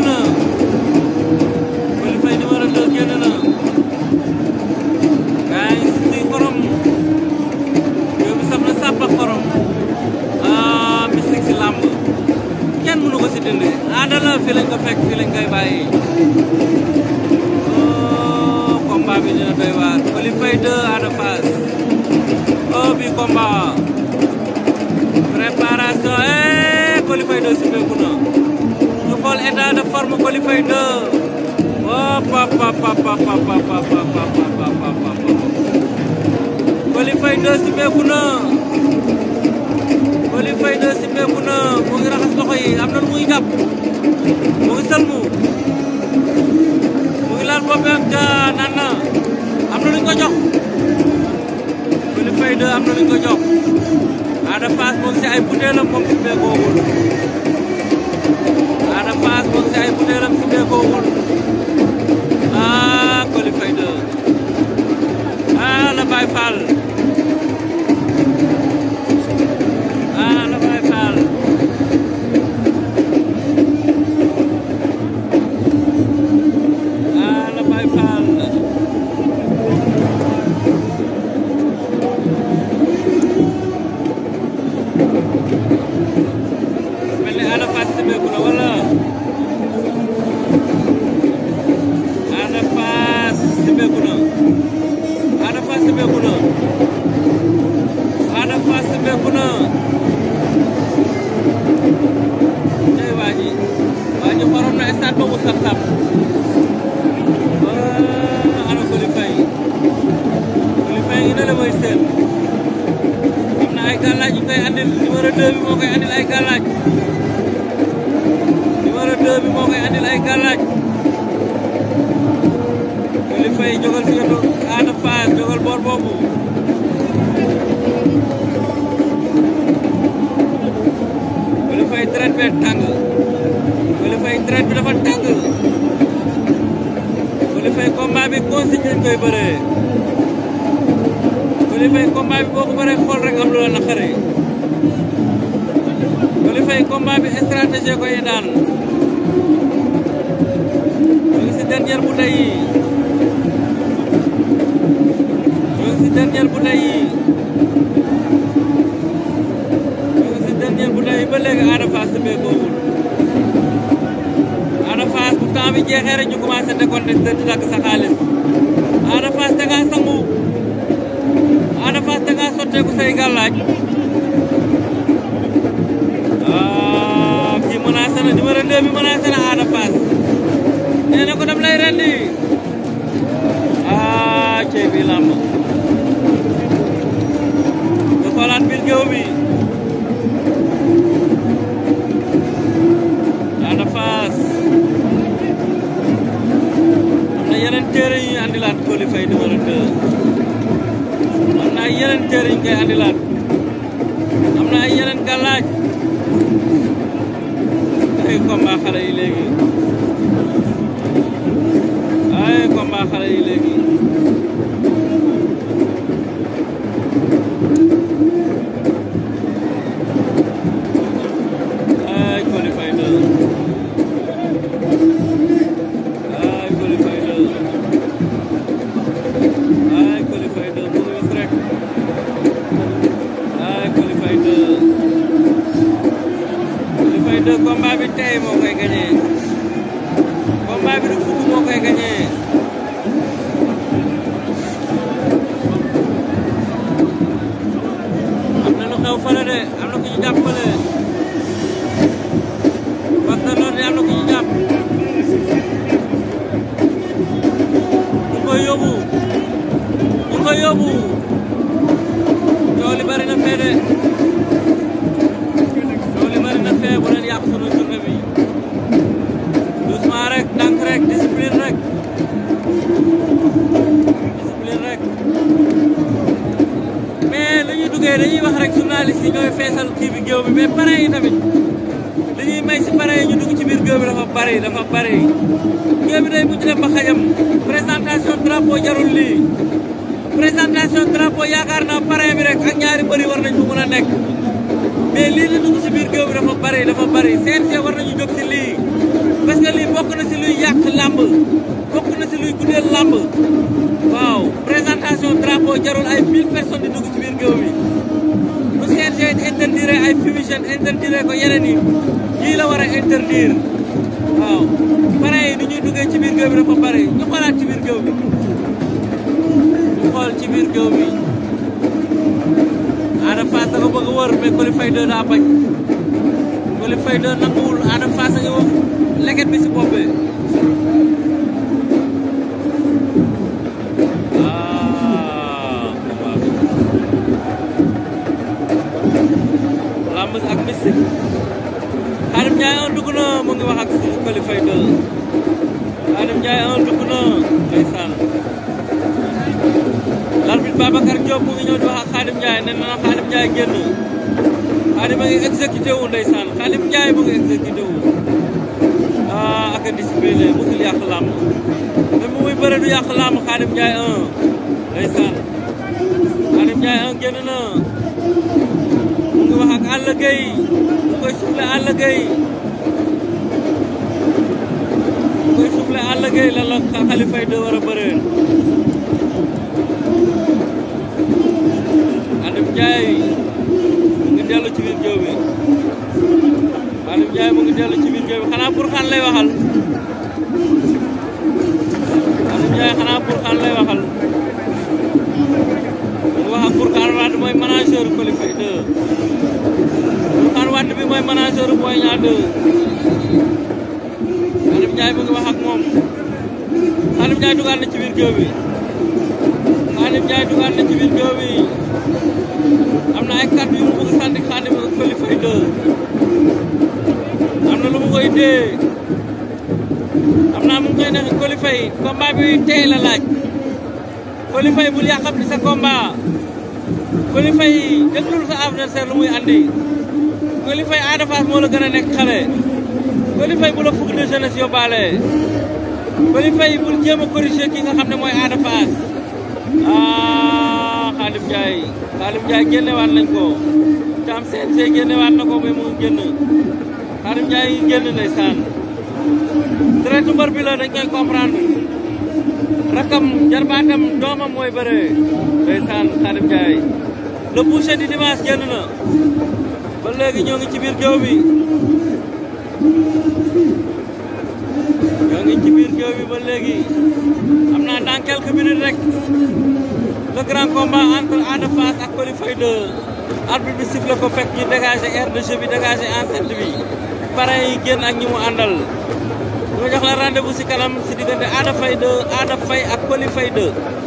génn Coly Faye numéro guys génn na gaa ngi ah mystique si lama, kian mënu si dindi Ada lah feeling perfect, feeling fekk fii oh combat bi dina doy Ada pas. oh bi combat préparation eh si meeku Baol Eda de forme pa pa pa pa pa pa pa pa 2 si beeku na mu ngi raxas loxo yi am na lu muy jàpp ngi sëlmu mu ngi laal ak na am lu ko jox. qualified amna lu ko jox Ada pas mo si ay mo moom be beekoogul. Lampas, Monte Alpuleram, Sibirgo, Ada Fass beku na Ada Fass beku na tey waa ji waa ji waroon na stade boobu sap sap ah, ana Coly Faye Coly Faye ngi ne la mooy seen am na ay gàllaaj yu koy andil numéro 2 bi moo koy andil ay gàllaaj jógal si wetu Ada Fass jógal boor boobu Coly Faye traite bi tàng Coly Faye traite bi dafa tàng Coly Faye combat bi consigne lañ koy bëree Coly Faye combat bi boo ko bëree xool am lu la naqaree Coly Faye combat bi koy daan ñu ngi si dernière bouteille yi Daniel Boulaye Youssouf Daniel Boulaye ba Ada Fass tëbbeekoowul Ada Fass bu temps bi jeexee rek ñu commencé décompté sa sa Ada da ngaa sangu Ada Fass da ngaa sotteeku say gàllaaj kii menacé na numéro na Ada Fass na ko daf lay rendi ah, ah cey bi yeneen téere ñu koy am na ay yeneen gàllaaj ay combat xale yi léegi ay combat xale yi léegi qualified qualified combat bi tey moo koy gagné combat bi du fukk moo koy gagné am na lu xew fële de am na ku ñu jàpp fële parce que loolu de am na ku ñu jàpp ñu koy yóbbu ñu koy yóbbu coow li bari na fee de yaatal kii bi géew bi ba pare yi tamit li ñuy may si pare yi ñu dugg ci biir géew bi dafa bari dafa bari géew bi day mujj dem ba xajam présentation drapeau jarul lii présentation drapeau yaakaar naa pare bi rek ak ñaari bëri war nañ ko mën a nekk mais lii li dugg si biir géew bi dafa bari dafa bari CNG war nañu jóg si lii parce que lii bokk na si luy yàq làmb bokk na si luy guddeel làmb waaw présentation drapeau jarul ay mille personnes di dugg ci biir géew bi ay fumigène interdire ko yeneen yi yii la war a interdire waaw pare yi ñuy duggee ci biir géew bi dafa ñu xoolaat ci biir géew ñu xool ci biir géew bi Ada Fass dafa bëgg a wër mais Coly Faye 2 daa bañ Coly Faye 2 nanguwul Ada Fass a ngi wax leket si bopp na jaya ngi wax ak qualifié de Adam Ndiaye un dugg na ndeysaan l'arbitre Babacar Diop mu ngi ñëw di wax ak na ah ak a discipliné musul yàq làmb même muy bëre du yàq làmb Khadim Ndiaye un ndeysaan Khadim na Gueye lan la Khaly Faye de war a bëreel Adim Ndiaye mu ngi dellu ci biir géew bi Adim mu ngi dellu ci biir géew bi xanaa pour xan lay waxal Ndiaye dugal na ci biir géew am na ay yu mu bëgg sànni Khadim ak Coly am na lu mu koy am naa mu ngi koy nekk Coly Faye combat bi bul yàqam ni sa combat Coly Faye déglul sa adversaire lu muy andi Coly Faye Ada Fass moo la gën a nekk xale Coly Coly Faye bul jéem a corriger ki nga xam ne mooy Ada Fass ah Khadim Ndiaye Khadim Ndiaye génnewaat nañ ko Thiam Sène Sèye génnewaat na ko mais mu génn Khadim Ndiaye génn ndeysaan traité mbër bi la dañ koy comprendre rakam jarbaatam doomam mooy bëre ndeysaan Khadim Ndiaye le boucher du dimanche génn na ba léegi ñoo ngi ci biir géew bi. ñoo ngi ci biir géew bi ba léegi am naa dans quelques minutes rek le grand combat entre Ada Fass ak Coly Faye 2 arbitre bi siffle ko fekk ñu dégagé air de jeu bi dégagé enceinte bi parrain yi génn ak ñi mu àndal ñu jox la rendez-vous ci kanam ci diggante Ada Faye 2 Ada ak Coly Faye